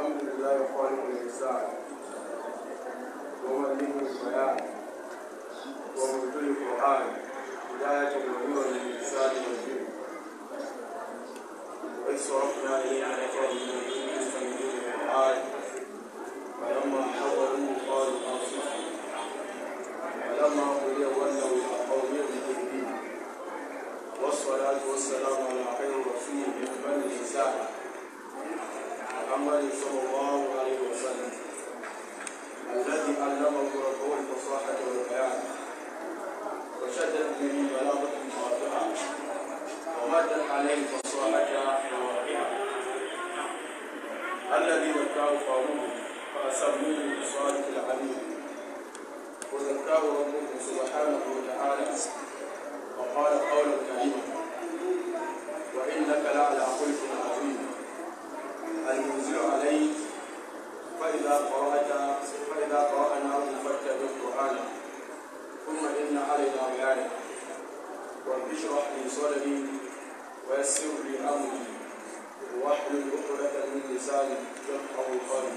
الحمد لله خالق الإنسان ومليه البيان ومبدل القرآن هداية ونورا للإنسان والجن وإذ صرفنا إليك نفرا من القرآن فلما قالوا قضي إلى والصلاة والسلام على خير رسول من بني محمد صلى الله عليه وسلم الذي علمه ربه الفصاحة والبيان وشدد به بلاغة قاطعة ومدت عليه الفصاحة وواقعة الذي وكاه قومه فأسموه بصالح العليم وذكاه ربه سبحانه وتعالى وقال قولا كريما وإنك لعلى خلق المنزل عليك فإذا قرأت فإذا قرأناه فاتبع قرآنه ثم إن علينا بيانه رب اشرح لي صدري ويسر لي أمري واحلل عقدة من لساني يفقه قولي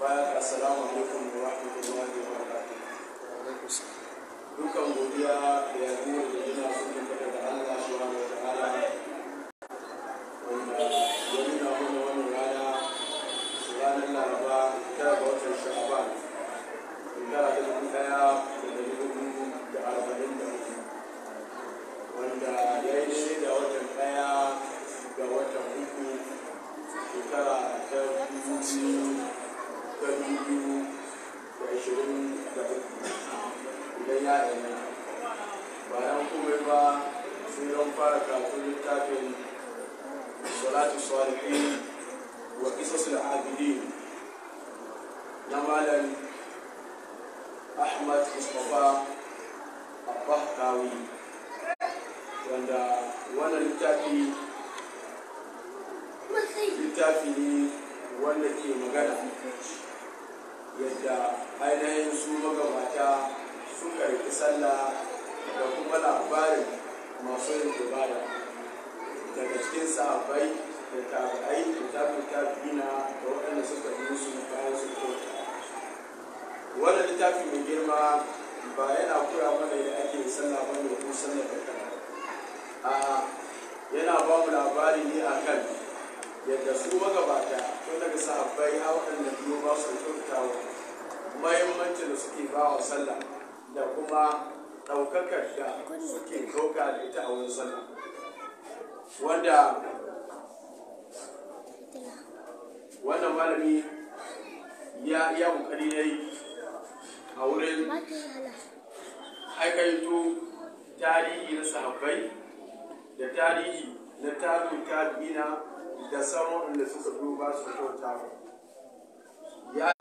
bayan assalamu alaikum wa rahmatullahi wa barakatuh dukan godiya da yabo da yana sun tabbata da Allah subhanahu wa ta'ala yana ba mu labari ne a kan yadda su magabata ko daga sahabbai a waɗanda biyu ba su wa mahimmanci da suke ba wa sallah da kuma ɗaukakar da suke ɗauka da ita a wani sallah wanda wannan malami ya iya ƙoƙari ya yi a wurin haikaito tarihi na sahabbai da tarihi na ta tabi'ina da sauran da suka duba su kyauta ya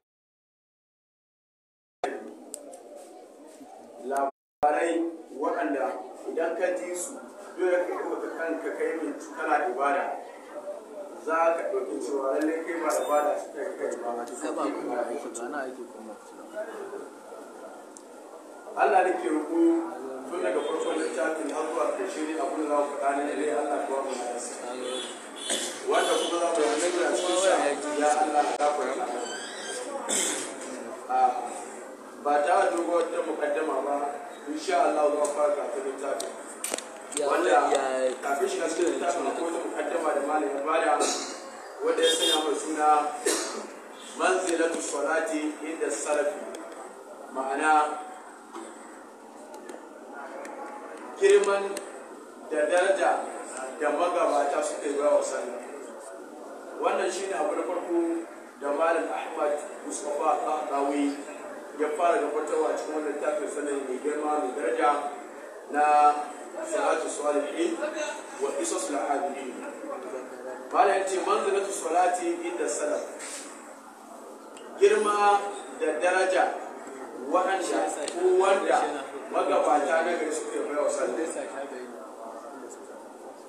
labarai waɗanda idan ka ji su dole ka kuma kanka kai mai kana ibada za ka ɗauki cewa lallai kai ba ibada su kai kai ba ka ba kuma aiki ba na kuma Allah da ke rubu tun daga farkon littafin har zuwa ƙarshe ne abin da za ku faɗa ne dai Allah ka wani nasi wanda kuma za mu yi annabi a cikin sa ya Allah ka fara ah, ba ta dogo wata mukaddama ba insha Allah za ku fara kafin littafin wanda kafin shiga cikin littafin akwai wata mukaddama da malam ya bada wanda ya sanya mai suna manzilatu salati inda salafi ma'ana girman da daraja da magabata suka yi wa sallah wannan shine abu na farko da malam ahmad mustapha qawi ya fara gabatarwa cikin wannan littafin sanin mai girma mai daraja na salatu salihin wa isos al'abidin bala ya ce manzilatu salati inda salaf girma da daraja wa'anda ko wanda magabata na gari suke bai wa sanda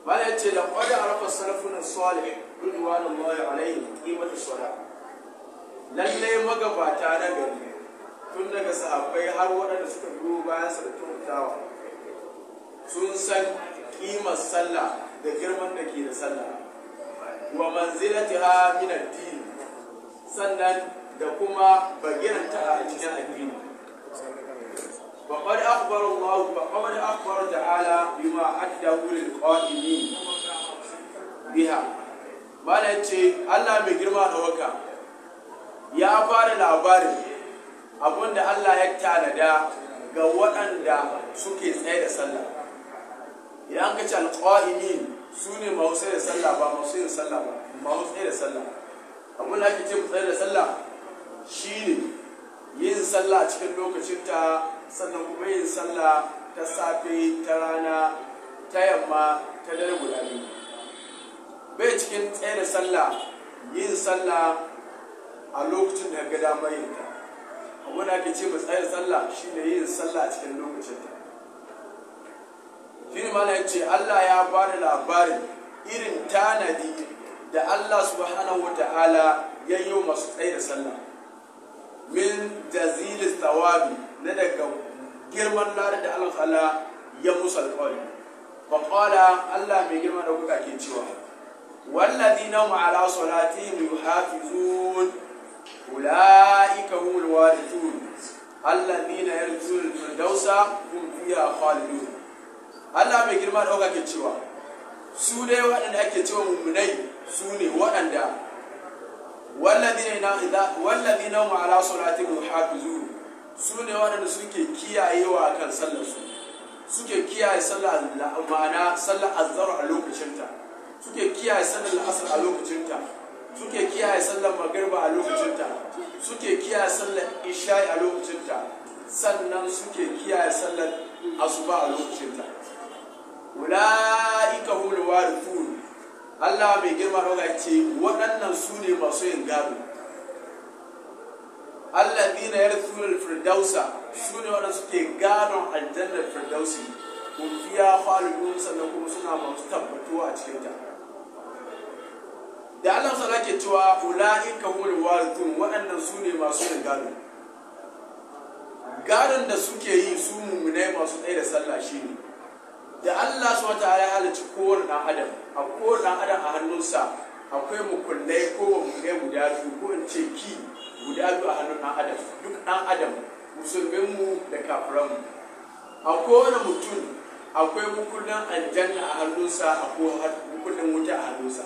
bala ya ce da kwada a rafa sarfin salih ridwanin mawai alayhi kimata sala lallai magabata na gari tun daga sahabbai har waɗanda suka biyo bayan sa da tuntawa sun san kimar sallah da girman da ke da sallah wa manzilatiha min addini sannan da kuma bagiranta a cikin addini فقد أخبر الله فقد أخبر تعالى بما أداه للقائمين بها malam ce Allah mai girma da waka ya fara labarin abinda Allah ya tanada ga waɗanda suke tsaye da sallah idan ka ce su ne masu tsaye da sallah ba masu yin sallah ba masu tsaye da sallah abinda ake ce tsaye da sallah shine yin sallah cikin lokacinta sannan kuma yin sallah ta safe ta rana ta yamma ta dare guda biyu bai cikin tsaye da sallah yin sallah a lokacin da ga damar yin ta abu da ake ce ba tsaye sallah sallah shine yin sallah cikin lokacin ta shi ne ce yace Allah ya bada labarin irin tanadi da Allah subhanahu wata'ala ya yi masu tsaye da sallah min jazilis tawabi na daga girman nar da Allah ya musu alƙawari wa qala Allah mai girma da kuka ke cewa walladhina hum ala salatihim yuhafizun ulaika humul warithun alladhina yarjun firdausa hum fiha khalidun Allah mai girma da kuka ke cewa su dai waɗanda ake cewa mummunai su ne waɗanda والذين إذا والذين هم على صلاتهم يحافظون su ne waɗanda suke kiyaye wa kan sallar su suke kiyaye sallar ma'ana sallar azhar a lokacinta suke kiyaye sallar asr a lokacinta suke kiyaye sallar magarba a lokacinta suke kiyaye sallar isha'i a lokacinta sannan suke kiyaye sallar asuba a lokacinta ulaika humul warithun Allah mai girma ga ce waɗannan su ne masu yin gado alladhina yarithuna al-firdausa sune wanda suke gano aljannar firdausi kun fiya khalidun sannan kuma suna masu tabbatuwa a cikin ta da Allah sana ke cewa ka humul warithun waɗannan su ne masu yin gado gadon da suke yi su mummunai masu ɗaya da sallah shi ne da Allah su wata ya halarci kowane ɗan adam a kowane adam a hannunsa akwai mukullai ko mukullai guda biyu ko in ce ki guda biyu a hannun ɗan adam duk ɗan adam musulminmu da kafiranmu a kowane mutum akwai mukullin aljanna a hannunsa a akwai mukullin wuta a hannunsa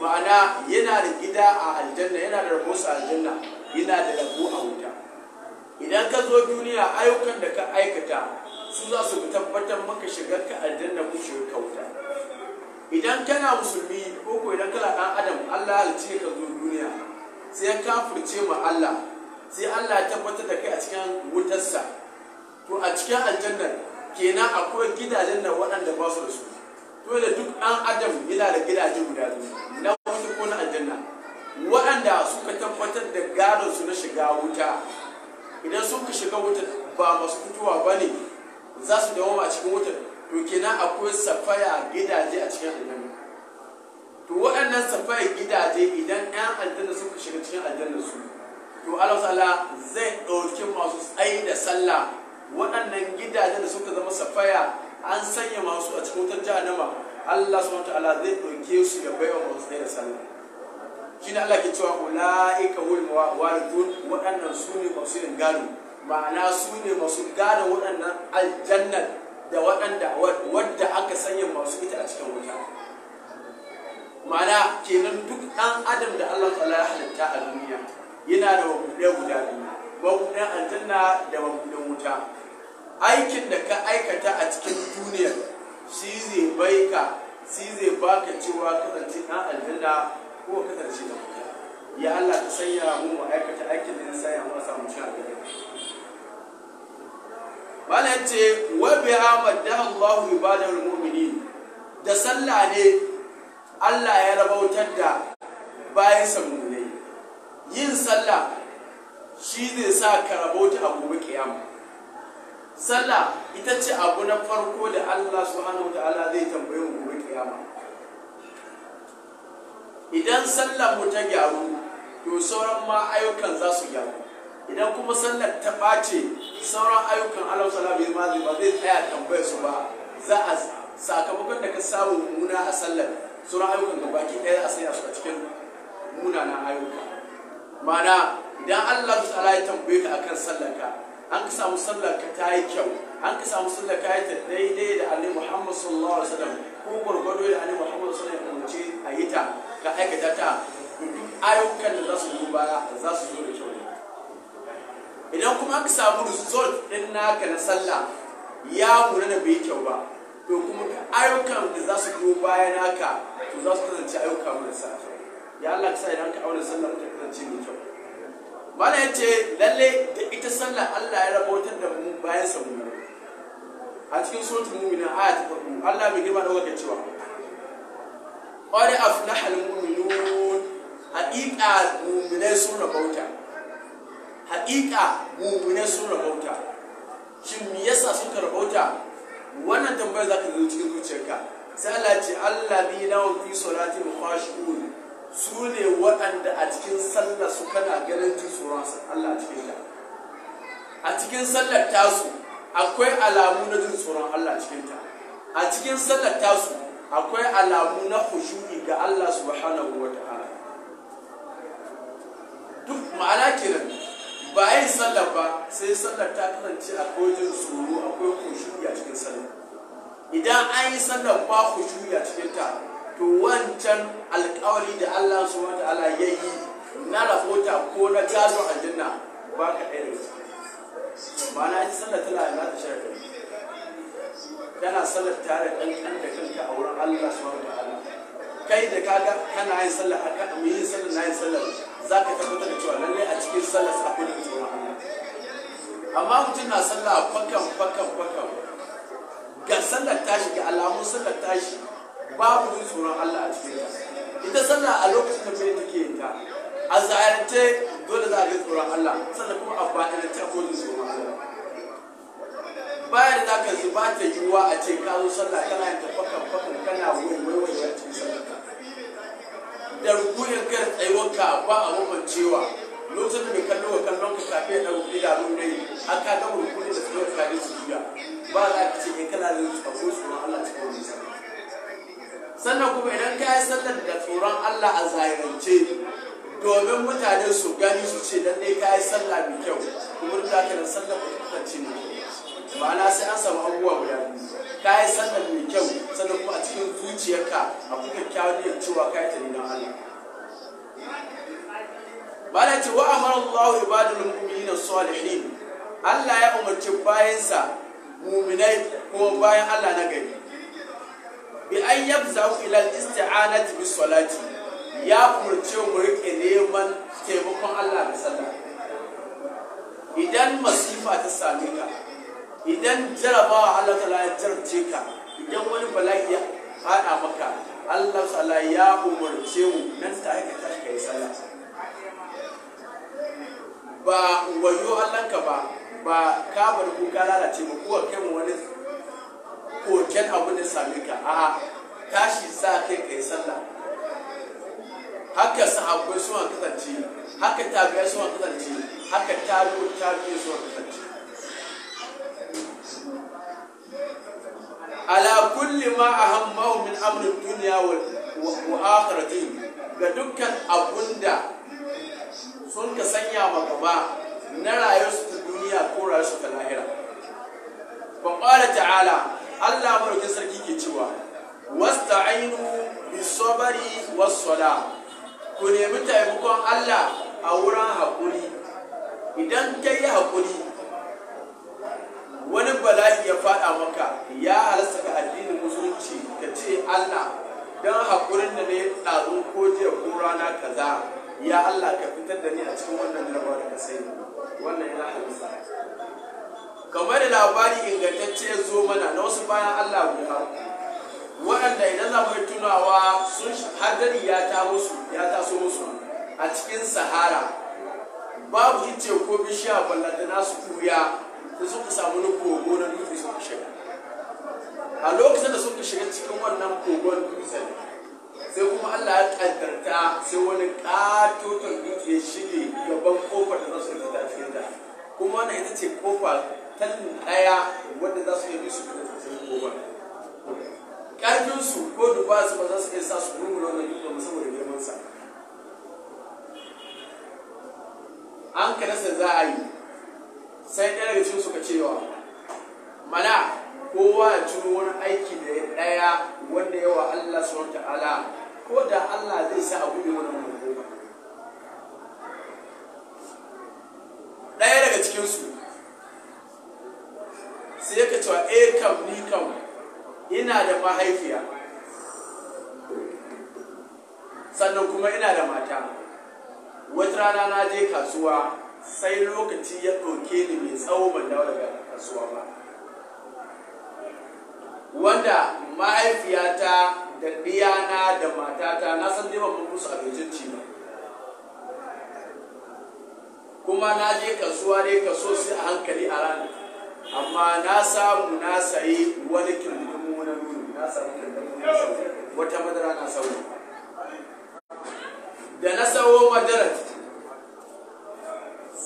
ma'ana yana da gida a aljanna yana da rabonsa a aljanna yana da rabo a wuta idan ka zo duniya ayyukan da ka aikata su za su tabbatar maka shigar ka aljanna ko shigar ka wuta idan kana musulmi ko ko idan kana dan adam Allah ya halice ka zo duniya sai ka furce ma Allah sai Allah ya tabbatar da kai a cikin wutarsa to a cikin aljannar kenan akwai gidajen da waɗanda ba su da su dole duk an adam yana da gidaje guda biyu na wata ko na aljanna waɗanda suka tabbatar da gadon su na shiga wuta idan suka shiga wuta ba masu fitowa ba ne za su dawo a cikin wutar to kenan akwai safaya gidaje a cikin aljanna to waɗannan safai gidaje idan 'yan aljanna suka shiga cikin aljanna su to Allah ta'ala zai ɗauki masu tsayi da sallah waɗannan gidajen da suka zama safaya an sanya masu a cikin wutar jahannama Allah subhanahu ta'ala zai ɗauke su ya baiwa masu tsayi da sallah shine Allah ke cewa ulaika hul warithun waɗannan su ne masu yin gado ma'ana su ne masu gado waɗannan aljannan da waɗanda wadda aka sanya masu ita a cikin wuta ma'ana kenan duk ɗan adam da Allah ta'ala ya halitta a duniya yana da wabuɗe guda biyu wabuɗen aljanna da wabuɗen wuta aikin da ka aikata a cikin duniyar shi zai bai ka shi zai baka cewa kasance ɗan aljanna ko kasance da wuta ya Allah ta sanya mu mu aikata aikin da ya sanya mu samu shi aljanna malam ce wa bi amadda Allahu ibadul mu'minin da sallah ne Allah ya rabautar da bayan samunai yin sallah shi zai sa ka rabauta a gobe kiyama sallah ita ce abu na farko da Allah subhanahu ta'ala zai tambaye mu gobe kiyama idan sallar mu ta gyaru to sauran ma ayyukan za su gyaru idan kuma sallar ta ɓace sauran ayyukan Allah sallallahu alaihi ba zai tsaya tambayar su ba za a sakamakon da ka samu muna a sallar sauran ayyukan da baki ɗaya a sanya su a cikin munanan ayyuka ma'ana idan Allah ta'ala ya tambaye ka akan sallarka an ka samu sallarka ta yi kyau an ka samu sallarka ya ta daidai da Ali Muhammad sallallahu alaihi wasallam ko gwargwado da Ali Muhammad sallallahu alaihi wasallam ya umarce a yi ta ka aikata ta duk ayyukan da za su zo baya za su zo da kyau ne. idan kuma an ka samu result din naka na sallah ya kula da bai kyau ba to kuma ayyukan da za su zo baya naka to za su kasance ayyuka marasa sa ya Allah ka sa idan ka aure sallah ta kasance mai kyau mana ya ce lalle da ita sallar Allah ya rabautar da mu bayan sa mu a cikin suratul mu'minin aya ta farko Allah mai girma da cewa qad aflahal mu'minun haqiqa mu'minai sun rabauta haqiqa mu'minai sun rabauta shin me yasa suka rabauta wannan tambayar zaka zo cikin zuciyarka sai Allah ce Allah ni na fi salati khashun su ne waɗanda a cikin sallar su kana ganin jin tsoron Allah a cikin ta a cikin sallar tasu akwai alamu na jin tsoron Allah a cikin ta a cikin sallar tasu akwai alamu na khushu'i ga Allah subhanahu wa ta'ala duk ma'ana kenan ba yin sallar ba sai sallar ta kasance akwai jin tsoro akwai khushu'i a cikin sallar idan an yi sallar ba ku juya cikin ta to wancan alkawari da Allah su wata ya yi na rahota ko na tazo aljanna ba ka ɗaya daga ciki ba na yi sallar tana da ta shirka tana sallar tare da ɗan da kanka a wurin Allah su wata kai da kaga kana yin sallar a kan yin sallar na yin sallar za ka tabbatar da cewa lallai a cikin sallar akwai da tsoron Allah amma mutum na sallar fakan fakan fakan ga sallar tashi ga alamun sallar tashi babu zai tsoron Allah a cikin ta ita sallah a lokacin da bai take yin ta a zahirce dole za a ji tsoron Allah sannan kuma a baɗinance a kodin tsoron Allah bayan da ka zuba ta yiwuwa a ce ka zo sallah kana yin tafakan fakan kana waiwai wai ya cikin sallah da rukunin kan tsayuwarka ba a mamancewa lokacin da bai kallo wa kallon ka kafin da ɗauki da rukunai a ka gama rukunin da tsayuwar ka ne su juya ba za ka ce in kana da akwai tsoron Allah cikin wani sannan kuma idan ka yi sallar da tsoron Allah a zahirance domin mutane su gani su ce dan dai ka yi sallah mai kyau kuma da ka da sallar ku tantance ne ma'ana sai an samu abubuwa guda ka yi sallar mai kyau sannan kuma a cikin zuciyarka kuka kyakkyawan niyyar cewa ka yi ta don Allah bala ce wa amara Allah ibadul mu'minina salihin Allah ya umarci bayansa muminai ko bayan Allah na gari bi an yabza ila isti'anati bis salati ya umurce mu rike neman taimakon Allah da sallah idan masifa ta same ka idan jarabawa Allah ta ya jarabce ka idan wani bala'i ya fada maka Allah sala ya umarce mu nan ta aika tashi kai sallah ba wayo Allah ka ba ba ka bar kuka lalace ba kuwa kai mu wani koken abu ne same ka a tashi sa kai kai sallah haka sahabbai suna kasance haka tabiya suna kasance haka tabiyo tabiya suna kasance ala kulli ma ahammahu min amrin dunya wa akhirati ga dukkan abunda sun ka sanya ma gaba na rayuwarsu duniya ko rayuwarsu ta lahira wa qala ta'ala Allah madaukin sarki ke cewa wasta'inu bis-sabri was-salah ku nemi taimakon Allah a wurin haƙuri idan ka yi haƙuri wani bala'i ya faɗa maka ya halasta ka addinin musulunci ka ce Allah don haƙurin da na yi ɗazu ko jiya ko rana kaza ya Allah ka fitar da ni a cikin wannan jarabawa da ka sai wannan ya halisa kamar da labari ingantacce ya zo mana na wasu bayan Allah guda waɗanda idan za mu tunawa sun hadari ya ta musu ya taso musu a cikin sahara babu ice ko bishiya na su kuya da suka samu na kogo na dutse suka shiga a lokacin da suka shiga cikin wannan kogon dutsen sai kuma Allah ya kaddarta sai wani katoton dutse ya shige gaban kofar da za su fita cikin ta kuma wannan ita ce kofa ta daya wanda za su yi su fita cikin kofar karfin su ko duba su ba za su iya sa su gurgura wannan dutse ba saboda girman sa an kana sai za a yi sai ɗaya daga cikin suka cewa mana kowa ya ciro wani aiki da ya ɗaya wanda yawa Allah subhanahu ta'ala ko da Allah zai sa abu ne wani ɗaya daga cikinsu sai ka cewa eh kam ni kam ina da mahaifiya sannan kuma ina da mata wata rana na je kasuwa sai lokaci ya ɗauke ni mai tsawo ban dawo daga kasuwa ba wanda mahaifiyata da ɗiyana da matata na san dai ban musu abinci ba kuma na je kasuwa ne kaso sai a hankali a ran amma na samu na sayi wani kirdimu na nuni na samu wani na wata madara na sauri da na sauro madara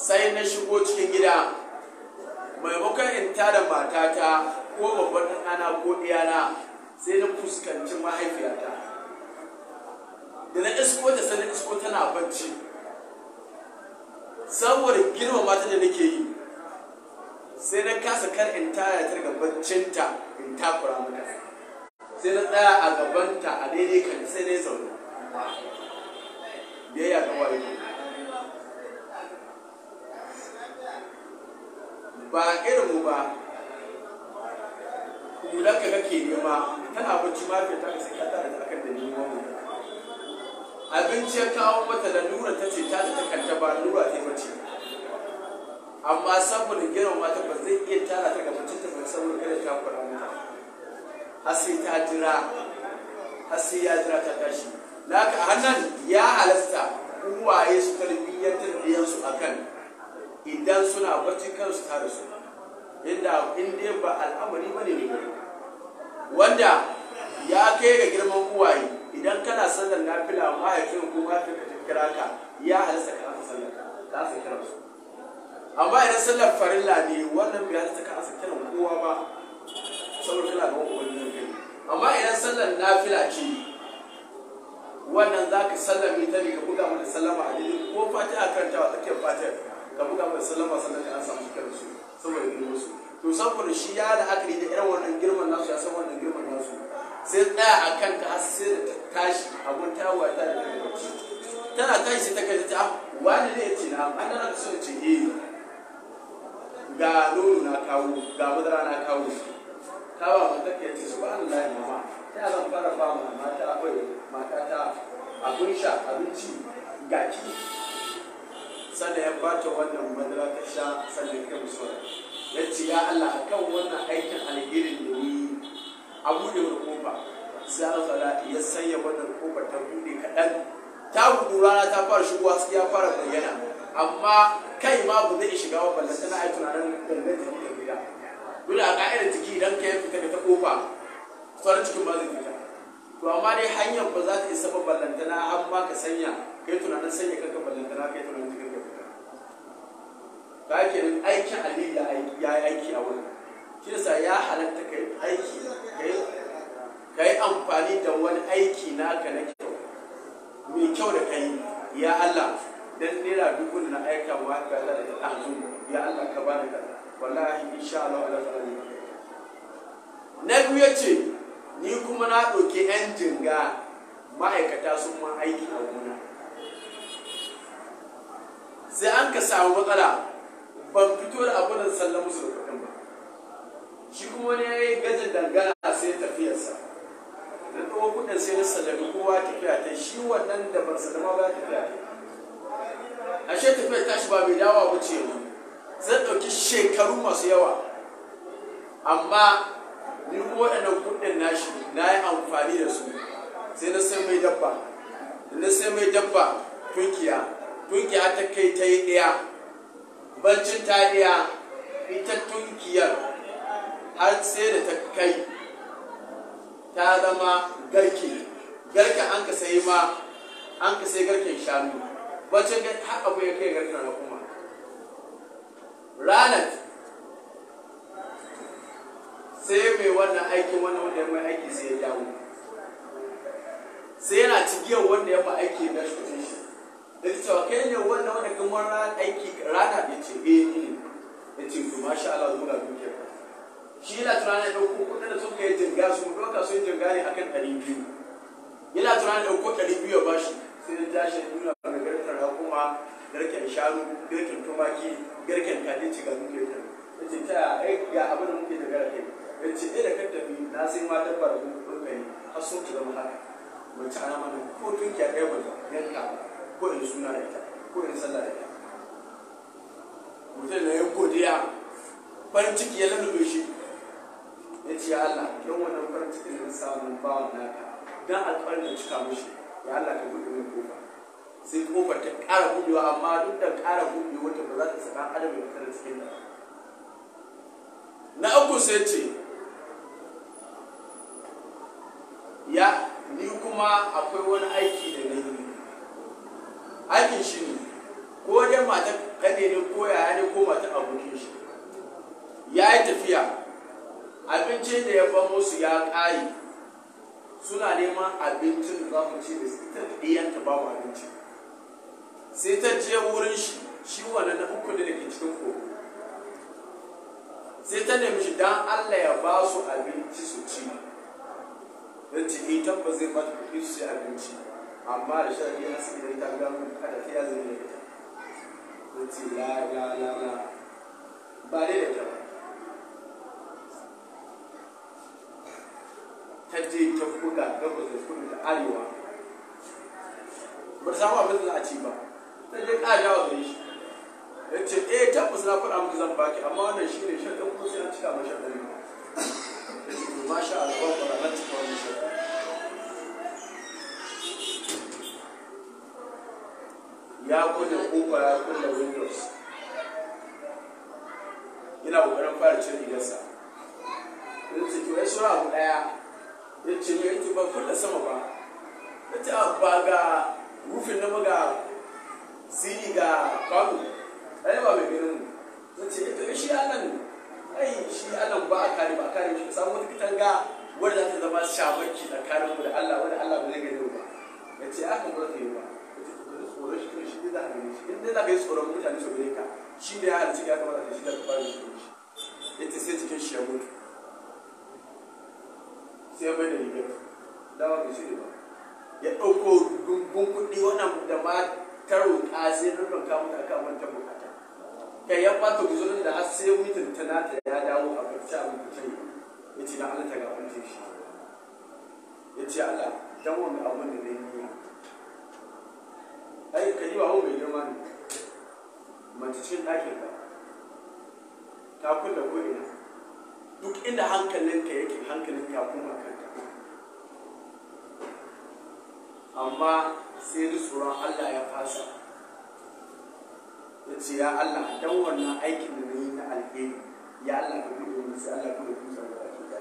sai na shigo cikin gida maimakon in tada matata ko babban ɗan ko ɗiyana sai na fuskanci mahaifiyata da na isko da sani isko tana bacci saboda girma mata da nake yi sai na kasa kar in tara ta daga baccinta in takura mata sai na tsaya a gabanta a daidai kan sai na yi zaune biyayya ga wayo ba irin mu ba hulan ka kake nema tana abinci ma ta ka ka tara akan da neman mu abinci ya kawo mata da nura ta ce ta da ta kanta ba nura ta bace amma saboda girma mata ba zai iya tara ta ga mutunta ba saboda kada ta kura mata har ta jira har ya jira ta tashi laka a hannun ya halasta uwaye su tarbiyyantar biyansu akan idan suna bacci kansu tare su inda in dai ba al'amari ba ne mai wanda ya kai ga girman uwaye idan kana sallar nafila mahaifin ko ma fi kira ka ya halasta ka asa sallar ka asa kira su amma idan sallar farilla ne wannan bai halasta ka asa kira kowa ba saboda kana ga wani kai amma idan sallar nafila ce wannan zaka sallame ta ne ka buga mata sallama a ko fatiha karantawa tsakiyar fatiha ka buga mai sallama sannan ne an samu kiran saboda girman su to saboda shi ya da akari da irin wannan girman nasu ya san wannan girman nasu sai tsaya a kan ta har sai da tashi abun ta waya ta da tana tashi sai ta kai ta ah, wani ne ya ce na an dana so ce eh ga nono na kawo ga madara na kawo ta ba mu take ce subhanallah mama ta zan fara ba mata akwai mata ta abun sha abinci ga ki sannan ya bata wannan madara ta sha sannan kai musuwa ya ce ya Allah kan wannan aikin alherin da ni a buɗe wani kofa sai an zara ya sanya wannan kofar ta buɗe kaɗan ta gudu rana ta fara shigowa sai ya fara bayyana amma kai ma ba zai shiga wa ballanta na aiki tunanin dangantaka da gida dole a ka'idar ciki idan ka yi fita ta kofa sauran cikin ba zai fita to amma dai hanyar ba za ta isa ba ballantana har ma ka sanya kai tunanin sanya kanka ballantana kai tunanin ba kenan aikin aliyu ya yi aiki a wurin shi yasa ya halatta ka yi aiki ka yi amfani da wani aiki naka na kyau mai kyau da kai ya Allah dan naira dubu na aika wa ka Allah da ahzu ya Allah ka bani ka wallahi insha Allah Allah ta ne na biyu yace ni kuma na ɗauki yan jinga ma'aikata sun ma aiki a gona sai an ka samu matsala ban fito da abin da sallan musu da kuɗin ba shi kuma wani ya yi gajin dangana sai tafiyarsa da ɗaukar kuɗin sai na sallami kowa tafiya ta shi wannan da ban sallama ba tafiya ta A ashe tafiyar tashi ba mai dawa ce ne zan ɗauki shekaru masu yawa amma ni kuma waɗannan kuɗin nashi na yi amfani da su sai na sai mai dabba na sai mai dabba tunkiya tunkiya ta kai ta yi ɗaya bancin taliya ita tunkiyar har sai da ta kai ta zama garke garke an ka sai ma an ka sai garken shanu bancin har abu ya kai garken rakuma ranar sai mai wannan aikin wannan wanda ya mai aiki sai ya dawo sai yana cigiyar wanda ya ma aiki na shi da cewa kai ne wannan wanda gamar rana aiki rana da ce eh ne da ce to masha Allah zuwa duke shi yana tunanin da ɗauko kudin da suka yi jirga su mu doka su yi jirga ne akan ɗari biyu yana tunanin da ɗauko ɗari biyu ya bashi sai da tashi nuna ga garken rakuma garken shanu garken tumaki garken kadinci ga duke ta yace ta aiki ga abin da muke da garke yace ɗaya eh, da kanta biyu na sai ma dabbar ku ɗauka ne har sun ci zama haka mace ana mana ko tunkiya ɗaya ba yanka ko in suna da ita ko in sallah da ita mutum na ya godiya farin ciki ya lalube shi ya ce Allah don wannan farin cikin da samun bawan naka don alƙawarin da cika mushi ya Allah ka buɗe min kofa sai kofar ta ƙara buɗewa amma duk da ƙara buɗewa wata ba za ta saka adam ya fitar cikin da na uku sai ce ya ni kuma akwai wani aiki aikin shi ne ko dai mata kane ne ko yaya ne ko mata abokin shi ya yi tafiya abincin da ya famo su ya ƙari suna neman abincin da za mu ce da ta ɗiyanta ba mu abinci sai ta je wurin shi shi wannan na uku da ke cikin ko sai ta nemi shi don allah ya ba su abinci su ci don ci ba zai ba kuɗi su ci abinci amma da sharadi an su idan ta gamu a tafiya zai ne ta wuce ya ce la la la la ba dai da ta ba ta je ta buga gabas da kudu da arewa ba ta samu abin da a ci ba ta je ka ƙaja wa zai shi ya ce eh tabbas na faɗa muku zan baki amma wannan shi ne shan ɗan kusa ya cika mashi ɗari ba ya ce ba masha a ba ba na cika wannan shan ya kulle kofa ya kunna windows ina kokarin fara cin rigarsa in ce to ya shi abu daya ya ce ne ki ba kulle sama ba ya ce a ah, ba ga rufin na ga siri ga kwano ɗaya ba mai ganin mu ya ce ita shi anan ai shi anan ba a kare ba a kare shi samu wata ga wadda za ta zama shamaki tsakaninmu da Allah wadda Allah ba zai gani ba ya ce aka ba zai yi ba shi ne za yi tsoron mutane su gane ka shi ne ya halitta ya kamata da shi da ka shi ya ce cikin shi sai bai da rigar dawa bai shi ba ya ɗauko gungun kuɗi wannan da ma ta roƙa sai rubin kamun da aka manta bukata kai ya ɓata guzurin da har sai mutum ta ya dawo a barci a mutum ya ce na Allah ta gafarce shi ya ce Allah dan wani abin da na yi fahimci cikin ɗakin ka ta kulle ko'ina duk inda hankalinka yake hankalin ya kuma kanta amma sai ni tsoron Allah ya fasa ya ce ya Allah dan wannan aikin da yi na alheri ya Allah ka buɗe wani sai Allah kuma kusa da ake da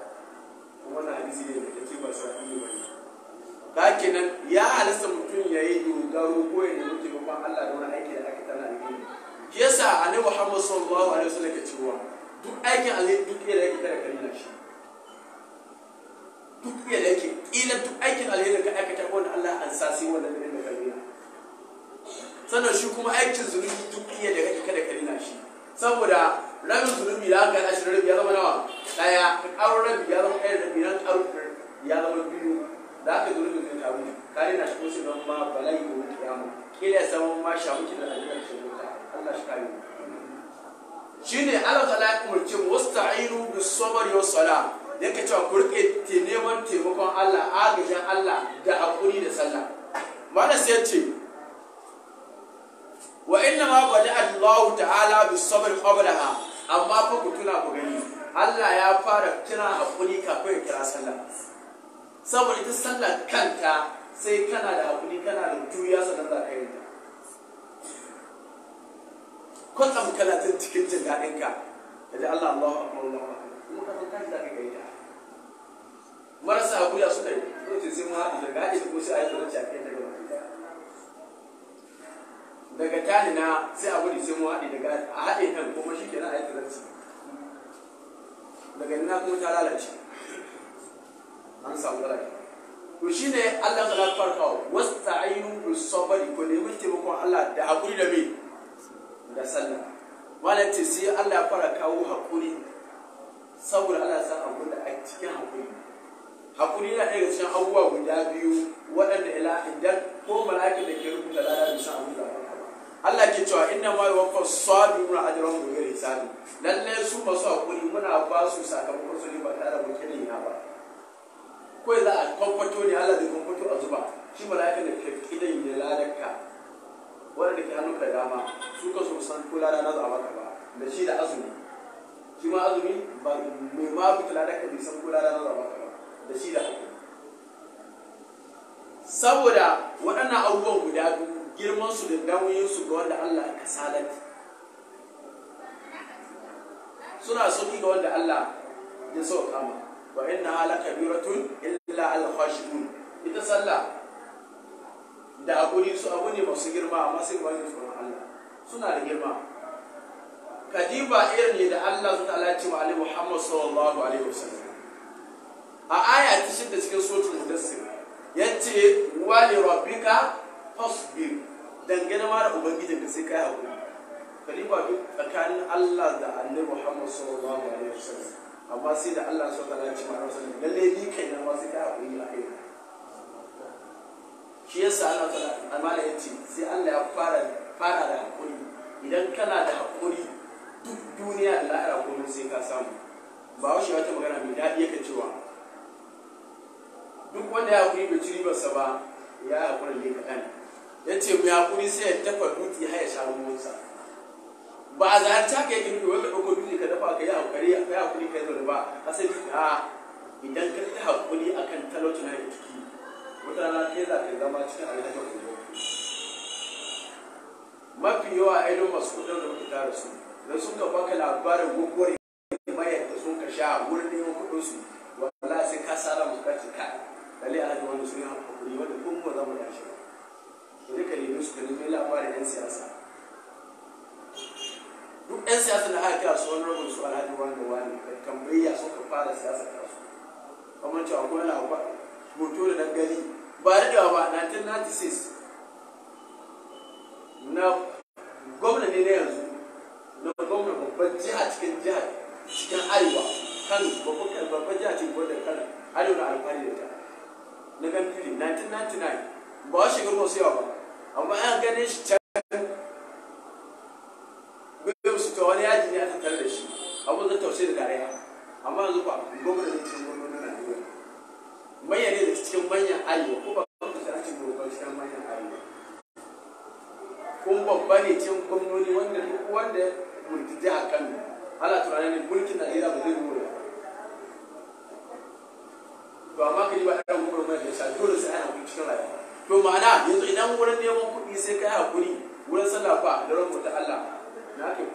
kuma na hadisi ne da ke ba su iya bane ba nan ya halasta mutum ya yi dogaro ko ya nemi taimakon Allah da wani aiki da aka tana gini yasa annabi Muhammad sallallahu alaihi wasallam ke cewa duk aikin alheri duk yadda da yake kada kalina shi duk yadda yake ila duk aikin da ka aikata ko Allah an sasi wanda ne da kalina sannan shi kuma aikin zunubi duk iya da yake kada kalina shi saboda rabin zunubi da aka yi ashirin rabi ya zama nawa daya ka karo rabi ya zama ɗaya rabi nan karo ya zama biyu da aka zunubi zai taru kare na shi ko su zama bala'i da wani kiyama kila ya samu ma shamukin da ajiyar shi shine ne ta lai umurce mu wasta'inu bis sabri was sala cewa kurke te neman taimakon Allah agajin Allah da hakuri da sallah mana sai ce wa inna ma bada Allah ta'ala bis sabr qablaha amma fa ku tuna ku gani Allah ya fara kira hakuri kafin kira sallah saboda ita sallah kanta sai kana da hakuri kana da tuya sannan za ka kwatsam kana jin cikin jin daɗin ka da ji Allah Allahu akbar Allah wa kuma ka san tashi da kai ta marasa abuya suka yi ko ce sai mu da daga haɗe kusa sai ayi zuwa kai daga daga tani na sai abu da sai mu da daga a haɗe nan kuma shi kenan ayi zuwa daga ina kuma ta lalace an samu lalace shi ne Allah ta farkawa wasta'inu bis sabri ko neman taimakon Allah da hakuri da mai da sallah Wani ce sai Allah ya fara kawo haƙuri saboda ana san abu da a cikin haƙuri haƙuri na ɗaya cikin abubuwa guda biyu waɗanda ila idan ko mala'ikin da ke rubuta lada da san abin da Allah ke cewa inna ma yuwaffa sabiruna ajrahum bighairi hisabi lalle su masu haƙuri muna ba su sakamakon su ne ba tare da mutum ya ba ko za a kwakwato ne Allah zai kwakwato a zuba shi mala'ikin da ke kidan ya ladaka waɗanda ke hannunka da dama su ka su san ko lada na zama a ba da shi da azumi shi ma azumi ba mai ma fita lada ka bai san ko lada na zama a ba da shi da hakuri saboda waɗannan abubuwan guda biyu girman su da nauyin su ga wanda Allah ya kasalat suna sauki ga wanda Allah ya sauka ma wa inna halaka biratun illa al khashiyun ita sallah da hakuri su abu ne masu girma amma sai ba tsoron Allah suna da girma kadiba irin ne da Allah su ta'ala ce wa Ali Muhammad sallallahu alaihi wasallam a aya ta shidda cikin suratul mudassir yace wa li rabbika fasbir dangane ma da da sai kai hakuri kadiba bi tsakanin Allah da Annabi Muhammad sallallahu alaihi wasallam amma sai da Allah su ta'ala ce ma lalle ni kai na ma sai kai hakuri a kai shi yasa ana tana amana ya ce sai Allah ya fara fara da hakuri idan kana da hakuri duk duniya da lahira komai sai ka samu ba washe wata magana mai daɗi yake cewa duk wanda ya hakuri bai ci ribarsa ba ya hakuri ne kaɗan ya ce mai hakuri sai ya dafa dutse har ya sha ruwansa ba a zaharci haka yake nufi wanda ɗauko dutse ka dafa ka yi hakuri ka yi hakuri ka yi zaune ba asali a idan ka ta hakuri akan talaucin haifiki mutana ke za ka zama cikin aljanna gobe mafi yawa a idon masu kudin da muke tare su da suka baka labarin gugwar mai da sun ka sha wurin neman kudin su wala sai ka sara mu ka cika lalle alhaji wani sun yi hakuri wanda kun kuma zama da shi to duka ne su ka nemi labarin yan siyasa duk yan siyasa na haka su wani rabin su alhaji wani wani tambayya suka fara siyasa kansu kamar cewa ko labarin. hoto da dangane ba da ba 1996 na gwamna ne na yanzu na gwamna babban jiha cikin jihar cikin arewa kano babban babban jiha cikin gwamna kan arewa da alfahari da ta na fili 1999 ba wa shekaru masu yawa ba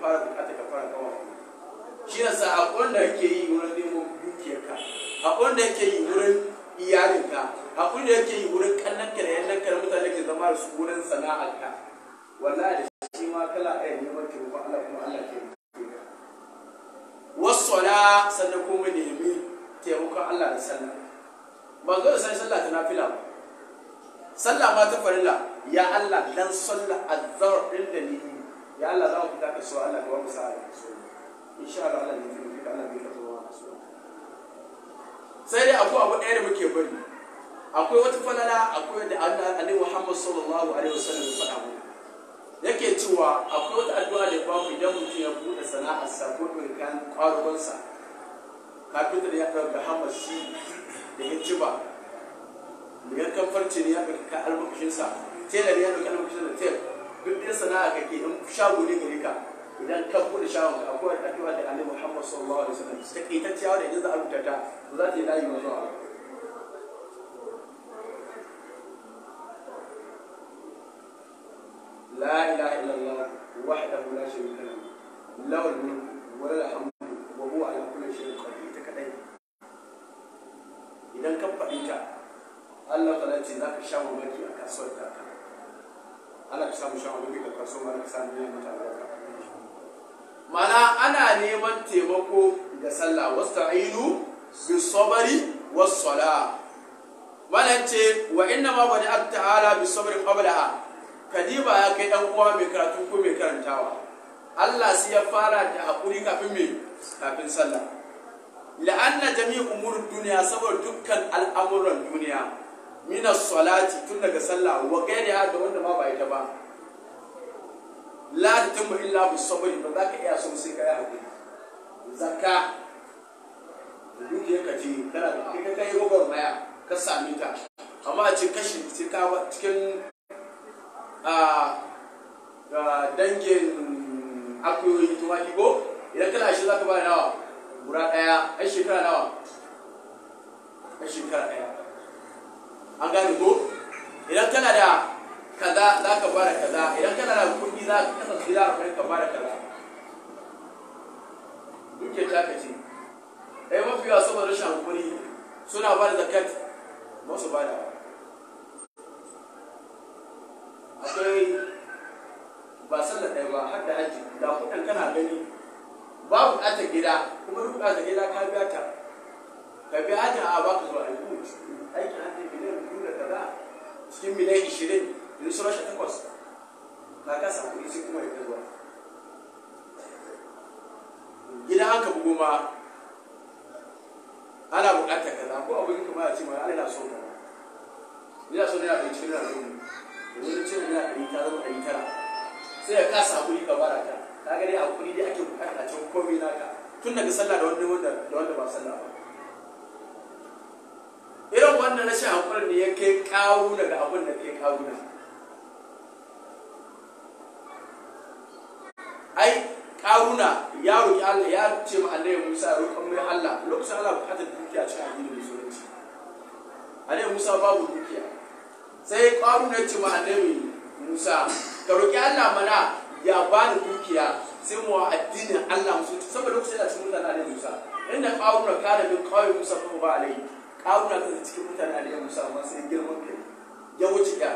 fara da ka fara kawai shi ne sa haƙon da ke yi wurin neman dukiyarka haƙon da ke yi wurin iyalinka haƙon da ke yi wurin kannanka da yannanka da mutane ke zama da su wurin sana'arka wallahi da shi ma kala ɗaya neman taimako Allah kuma Allah ke wasu na sannan kuma nemi taimakon Allah da sallah ba zo da sai sallah ta nafila ba sallah ma ta farilla ya Allah dan sallah azzar din da ni ya Allah za mu fita kasuwa Allah ka wani sa'a da kasuwa insha Allah Allah ne zai fita Allah ne ka zama kasuwa sai dai akwai abu ɗaya da muke bari akwai wata falala akwai da Allah Annabi Muhammad sallallahu alaihi wasallam ya faɗa mu yake cewa akwai wata addu'a da babu idan mutum ya buɗe sana'ar sa ko ɗin kan ƙwarugonsa kafin da ya ɗauka hamar shi da hijjiba da yankan farce ne ya ɗauka albakashinsa telar ya ɗauka albakashinsa da telar duk sana'a kake in shago ne gare ka idan ka bude shagon ka akwai addu'a da Annabi Muhammad sallallahu alaihi wasallam ta kaitacciya da idan za a rubuta ta za ta yi layi wa zuwa لا إله إلا الله وحده لا شريك له له الملك وله الحمد وهو على كل شيء قدير تكدي إذا كم Allah الله قال أنت ذاك الشام ومكي أكسرت Allah ka samu shawar duk da kaso ma ka samu yin mutane barka mana ana neman taimako da sallah wasu wasta'inu bis sabri wasu salah wannan ce wa inna ma wani abu ta'ala bi sabrin qablaha kadiba ya kai dan uwa mai karatu ko mai karantawa Allah sai ya fara da hakuri kafin me kafin sallah la'anna jami'u umur duniya saboda dukkan al'amuran duniya minas salati tun daga sallah wa gairi da wanda ma ba ita ba la tutimmu illa bi sabri ba za ka iya so sai ka yi hakuri zakka da ka ce kana da kai kai gobar maya ka sami ta amma a cikin kashi sai ka cikin a dangin akuyoyi tumaki ko idan kana shi za ka ba nawa gura daya ai shekara nawa ai shekara daya an gane ko idan kana da kaza za ka fara kaza idan kana da kudi za ka yara kai ka fara kaza duke ta ka ce ai mafi yawa saboda rashin hankuri suna ba da zakat masu ba da akwai ba sallar ɗaya ba har da aji da kudin kana gani ba ɗata gida kuma duk ɗata gida ka biya ta ka biya ta a baka zuwa alhuji cikin miliyan ishirin yanzu sauran sha takwas na ka samu kuɗi sun kuma ya zuwa gidan haka bugu ma ana buƙatar kaza ko abin kuma ya ce ma ana na so ba ina so a ɗari cikin naira ɗari domin ce naira ɗari ta a ɗari tara sai ya kasa kuɗi ka bara ta ka gani a kuɗi dai ake buƙatar a cikin komai naka tun daga sallah da wanda ba sallah ba wanda wannan rashin haƙurin ne ya kai na da abin da kai na ai na ya roƙi Allah ya ce ma Allah Musa ya roƙon mai Allah lokacin Allah bukatar dukiya cikin addinin musulunci Allah Musa babu dukiya sai kawuna ya ce ma Allah Musa ka roƙi Allah mana ya ba ni dukiya sai mu addinin Allah musulunci saboda lokacin da cikin mutane Musa inda kawuna kana min kawai Musa kuma ba alai kawuna ta cikin mutane da Musa amma sai girman kai ya wuce ya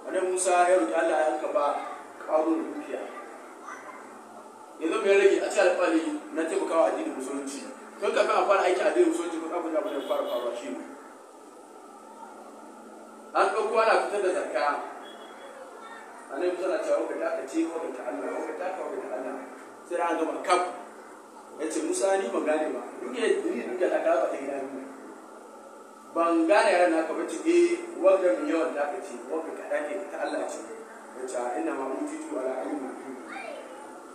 Wani Musa ya roki Allah ya hanka ba kawun dukiya yanzu mai rage a cikin alfali na taimakawa addinin musulunci tun kafin a fara aiki addinin musulunci ko abin da abin fara faruwa shi ne an ɗauko ana fitar da nan musa na cewa ka taka ce ko ta Allah ko ka taka ko da Allah sai an gama kaf ce Musa ni ban gane ba duk ya ni duk da ka ba ta gida ni ban gane yaran na ba ce eh wanda mai yawan naka ce wanda kaɗan ne ta Allah ce wacce ah, ina ma mututu ala ilmi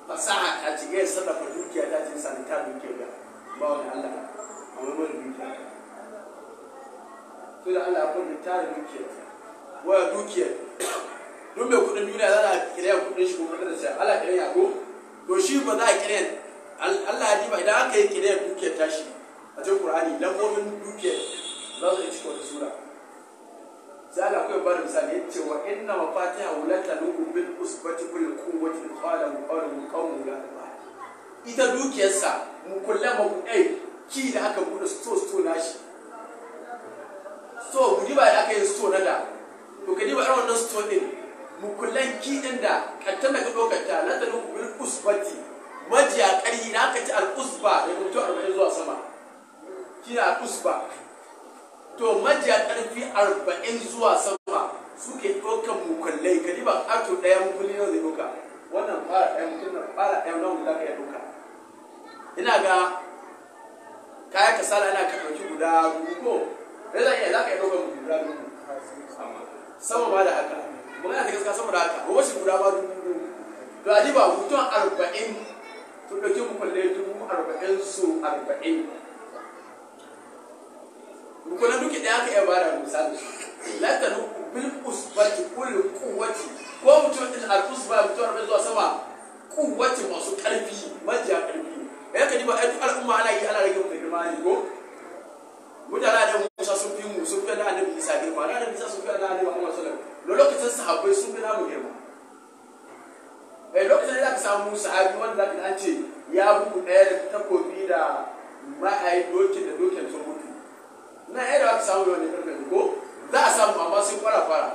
fasaha ta ce ya eh, sarrafa dukiya ta ce sani ta dukiya ga ba wani Allah a wani wani dukiya to da Allah kun ta dukiya waya dukiya duk mai kudin duniya za a kire kudin shi ko da sai Allah kire ya ko to shi ba za a kire Allah ya ji ba idan aka yi kire dukiyar tashi a cikin Qur'ani lafofin dukiyar za su iya cika wata sura sai Allah kawai ba da misali ya ce wa inna mafatiha wulata lugu bil usbati bil quwwati qala qawlu qawlu la ita dukiyarsa mu kullum mu dai ki da aka bude sto sto nashi sto mu diba da aka yi sto na da to ka diba irin wannan sto ɗin mu kullum ki ɗin da katta mai ka dokar ta la talugu bil usbati majiya ƙarhi na aka ci al usba da mutu 40 zuwa sama kina al'usba. to majiya karfi arba'in zuwa sama suke ɗaukar mukullai ka ba ato ɗaya mukulli na zai ɗauka wannan fara ɗaya mukulli na fara ɗaya na wanda ka ya ɗauka ina ga ka kasala ana ka ɗauki guda ruko da za iya za ka iya ɗaukar guda ruko sama ba da haka mun yana ta gaskiya sama da haka ba wasu guda ba dubu to a ji hutun arba'in to ɗauki mukullai dubu arba'in su arba'in rukunan duke da aka yi iya bada misali lantalu bil usbati kullu quwwati ko mutum din al usba mutum da zuwa sama quwwati masu karfi majiya karfi ya ka diba ai al'umma ana yi ana rage mutum girma ne ko mutane da Musa sun fi mu sun fi da annabi Isa girma da annabi Isa sun fi da annabi Muhammad sallallahu alaihi wasallam lokacin sahabbai sun fi namu girma eh lokacin da aka samu sahabi wanda zaka an ce ya bugu ɗaya da takobi da ma'ai dokin da dokin sun mutu na yadda aka samu yau ne karfe ko za a samu amma sun fara fara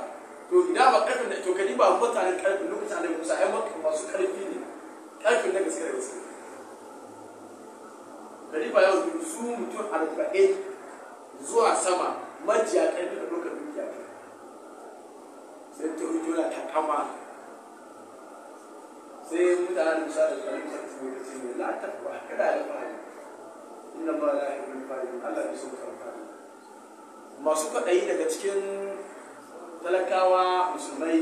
to ina ba karfe da to kadi ba mutane karfe lokacin da musa ai maka masu karfi ne karfin na gaske da gaske kadi ba yau su mutum arba'in zuwa sama majiya da lokacin sai ta na takama sai musa da ne kada inna ma la Allah masu kwaɗayi daga cikin talakawa musulmai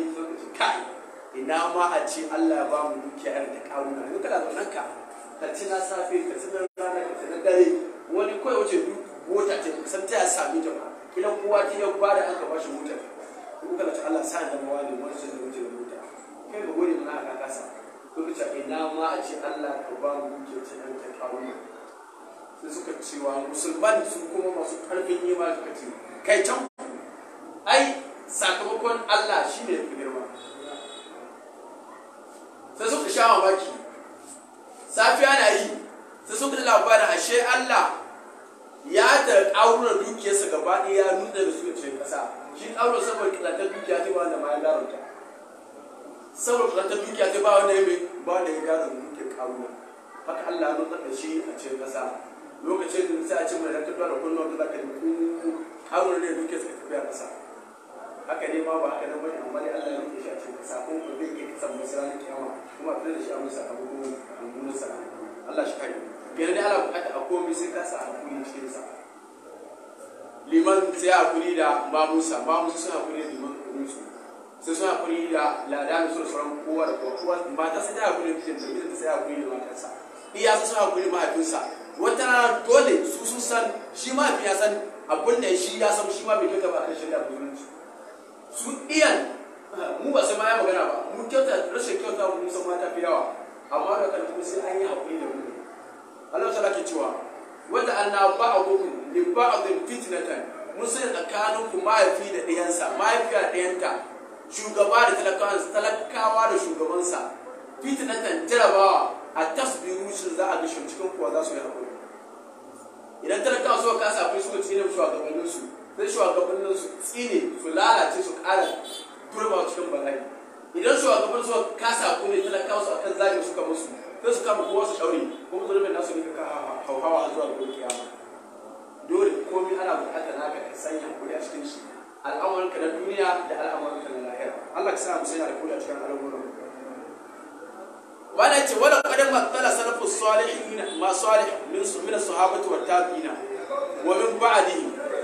kai ina ma a ce Allah ya ba mu dukiya irin ta karuna yanzu kana zaunan ka ka ci na safe ka ci na rana ka ci na dare wani kawai wace mota ce ka san ta ya sami ta ba kila kowa ta yau ba da aka bashi motar ko kana ta Allah sa da ne wani sai da wuce da mota kai ba gode mana aka kasa ko ka ina ma a ce Allah ka ba mu dukiya irin ta karuna da suka cewa musulman su kuma masu karfin imani suka ce kai can ai sakamakon Allah shi ne fi girma sai suka sha mamaki safiya na yi sai suka da labarin ashe Allah ya da aure dukiyarsa gaba ɗaya ya nuna da suka ce kasa shi aure saboda kilatar dukiya ta ba wanda ma ya gano saboda kilatar dukiya ta ba wanda ya ba da ya gano haka Allah ya nuna da shi a cikin kasa lokacin da sai a ce mai rantar da kunnuwa da za ka duku haruna ne duke suka tafiya ƙasa haka ne ma ba haka nan bane amma dai Allah ya rike shi a cikin kasa ko ba zai iya kasa musu ranar kiyama kuma a da shi a musa musu abubuwan gudu sa Allah shi kare kenan dai ana bukata a komai sai ka sa hakuri cikin sa liman sai a hakuri da ba ba musa musa sai a hakuri da liman su sai suna hakuri da ladan su da sauran kowa da kowa mata sai ta hakuri da mijinta mijinta sai a hakuri da sa iya su suna hakuri mahaifinsa wata rana dole su sun san shi ma ya san abin da shi ya san shi ma bai kyauta ba a kan shari'a musulunci su iyan mu ba sai ma ya magana ba mu kyauta rashin kyauta mu san mata fi yawa amma da karfi sai an yi haƙuri da mu Allah ta ke cewa wata an na ba a gugu ne ba a zai fitinatan mun sai tsakanin ku mahaifi da ɗayansa mahaifiya da ɗiyanta shugaba da talakawa talakawa da shugabansa fitinatan jarabawa a tasbiru shi za a gishin cikin kuwa za su yi haƙuri idan talakawa suka kasa akwai suka tsine shugabannin su sai shugabannin su tsine su lalace su ƙara turba cikin bala'i idan shugaban suka kasa ko ne talakawa su akan zagin suka musu sai su kama kowa su ɗaure kuma zulmin nasu ne ka hauhawa zuwa gobe kiyama dole komai ana buƙatar naka ka sanya hakuri a cikin shi al'amuranka na duniya da al'amuranka na lahira Allah ka sa mu sanya hakuri a cikin al'amuran wala ce wala kadan ba tsala salafu salihin ma salih min su min sahabati wa tabi'ina wa min ba'di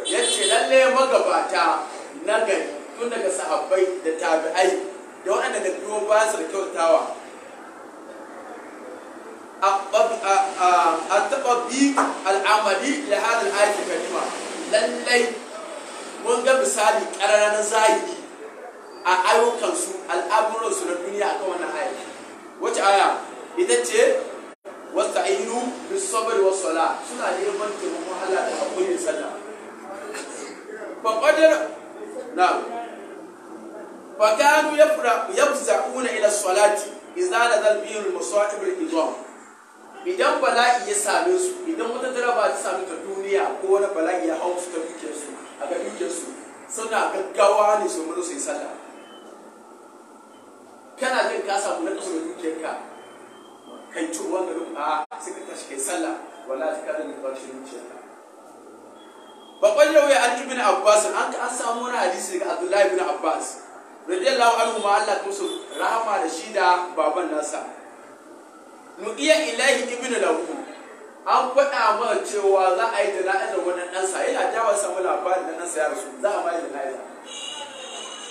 yace lalle magabata na gari tun daga sahabbai da tabi'ai da waɗanda da biyo ba su da kyautawa a taɓa bi al'amali da hadin aiki kalima lallai mun ga misali ƙararren zahiri a ayyukansu al'amuransu na duniya akan wannan aiki wace aya ita ce wasta ainu bis sabr sala suna neman taimakon Allah da hakuri sallah fa na na ya kanu yafra yafza'una ila salati idza nazal bihi al a al idham idan bala'i ya same su idan wata jaraba ta sami ta duniya ko wani bala'i ya hau su ta dukiyar su a ga dukiyar su suna gaggawa ne su mun su yi sallah kana jin ka samu na kasu da dukiyarka kai ci da garin a suka tashi kai sallah wala ta kada ne ba shi dukiyarka bakwai yau ya an bin abbas an ka an samu wani hadisi daga abdullahi bin abbas radiyallahu anhu ma Allah musu rahama da shi da baban nasa nu'iya ilahi ibn lahu an faɗa mana cewa za a yi jana'izar wani ɗansa yana jawa samu labarin da ɗansa ya rasu za a ma yi jana'iza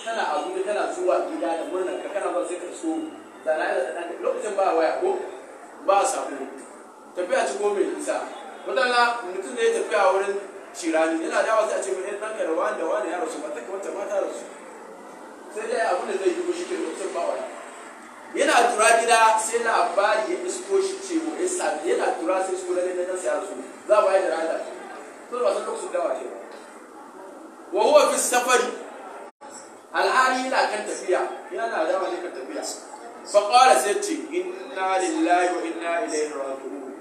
kana zuwa kana zuwa gida da murnar ka kana ba sai ka so zanayi da ɗanka lokacin ba waya ko ba sabo tafiya ci gobe isa nisa mutum ne ya tafiya wurin cirani yana dawa sai a ce mai eh, ɗan da wani da wani ya rasu mata kamar ta mata sai dai abu da zai yi ko shi ke lokacin ba waya yana tura gida sai labari ya isko shi cewa ya eh, sami yana tura sai su lalle na sai su za a bayar da rada to ba san lokacin dawa ce wa huwa fi safari alhali yana kan tafiya yana da wani kan tafiya fa qala sayti ce inna lillahi wa inna ilaihi raji'un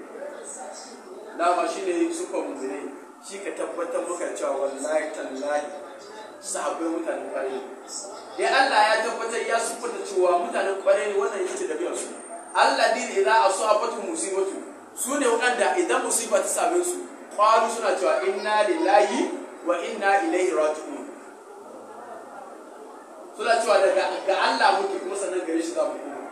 dama shine suka muzuri shi ka tabbatar muka cewa wallahi tallahi sahabbai mutanen kwarai ya Allah ya tabbatar ya sufuta cewa mutanen kwarai wannan yake da biyan su Allah din idza asabatu musibatu su ne wanda idan musiba ta same su kwaru suna cewa inna lillahi wa inna ilaihi raji'un suna cewa ga Allah muke kuma sannan gare shi za mu kuma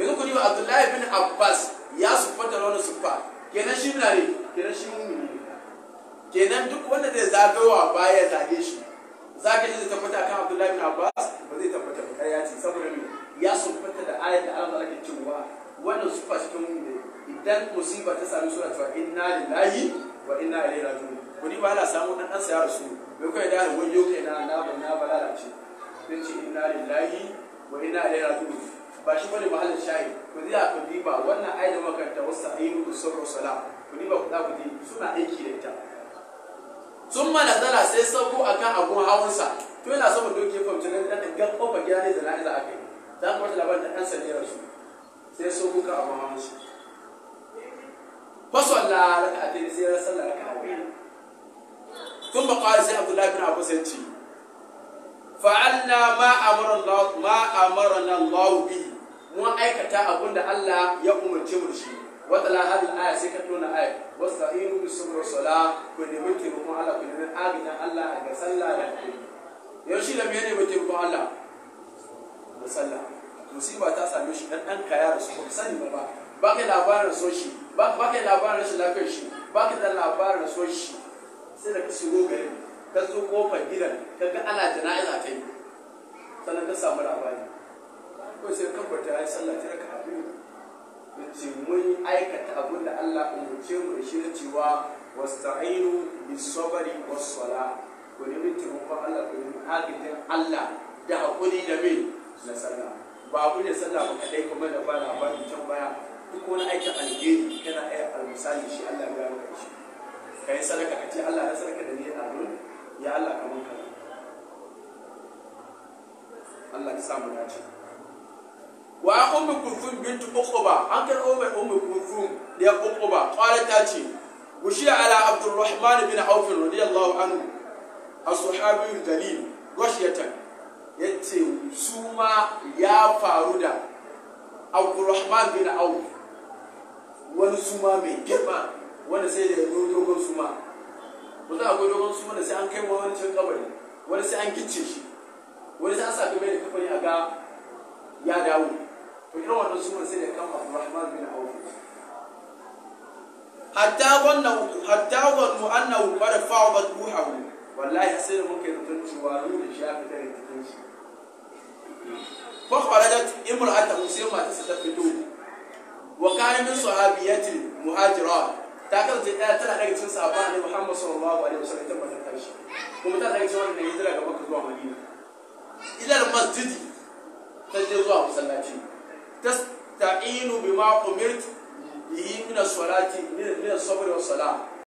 yanzu ku diba Abdullahi bin Abbas ya sufata da wani sufa kenan shi na ne kenan shi mu. ne kenan duk wanda zai zagawa baya zage shi zage shi zai tabbata kan Abdullahi bin Abbas ba zai tabbata ba ya ce saboda me ya sufata da ayat da Allah ke cewa wannan sufa mu ne, idan musiba ta sami suna cewa inna lillahi wa inna ilaihi raji'un ku diba ana samu dan ɗansa ya rasu bai kai da wani yau kai na na ba na ba lalace sai ce inna lillahi wa ina ilaihi raji'un ba shi bane mahallin shayi ku zai ku diba wannan ayi da makaranta wasu ayyukan da sauran sala ku diba ku ku diba suna aiki da ita sun mana zala sai sabo akan abun sa to yana saboda doke ya fahimci da ta ga kofa gida ne zana a akai za ku wata labarin da ɗan sanjera su sai so kuka abun hawansa fasalla raka'a ta sai ya sallar raka'a Tun ba sai abdullahi bin abu sai ce fa’alla ma amaran ma amarana Allah bi mun aikata da Allah ya umarce mu da shi wata la hadin aya sai ka tona aya Wasu wasta'inu bis su mura sola, ku nemi taimakon Allah ku nemi agina Allah a ga sallah da hakuri yau shi da me ne taimakon Allah da sallah musiba ta same shi dan ɗan kaya da su ba sani ba ba ba ka labarin so shi ba ka labarin rashin lafiyar shi ba ka da labarin so shi sai da ka shigo gari ka zo kofar gidan ka ga ana jana'iza ta yi sannan ka samu labari ko sai ka kwata ya sallah ta raka abu da ce mun aikata abin da Allah umurce mu da shi na cewa wasta'inu bisabari wassala ku nemi taimakon Allah ko nemi agajin Allah da hakuri da me na sallah ba abu ne sallah ba kadai kuma da ba labarin can baya duk wani aikin alheri kana iya almisali shi Allah ya maka shi kai sadaka ka ce Allah ya sadaka da ni a ya Allah ka mun kaza Allah ya samu ce. wa ummu kulthum bint uquba an kan ummu ummu kulthum da uquba qalat ta ce وشي ala abdurrahman bin auf عوف anhu الله عنه الصحابي الجليل غشية yace su ma ya faru da Abdurrahman bin Auf wani suma mai girma wanda sai da ya dogon suma kusa akwai dogon su wanda sai an kai wani cikin kabari wani sai an gicce shi wani sai an sa kamar da kafani a ga ya dawo to irin wannan su sai da kan Abdurrahman bin Auf hatta wannan hatta wannan annahu qad fa'adat ruhuhu wallahi sai da muke zaton cewa ruhu shi ya fita daga cikin shi fa kharajat imra'atu sai mata ta fito wa kana min sahabiyatil muhajirat ta kasance ɗaya tana daga cikin sahabban annabi Muhammad sallallahu alaihi wasallam ita matar karshe kuma tana daga cikin wanda hijira ga maka zuwa Madina ilar masjidi ta je zuwa masallaci ta ta'inu bima umirt bihi min as-salati min as was-salah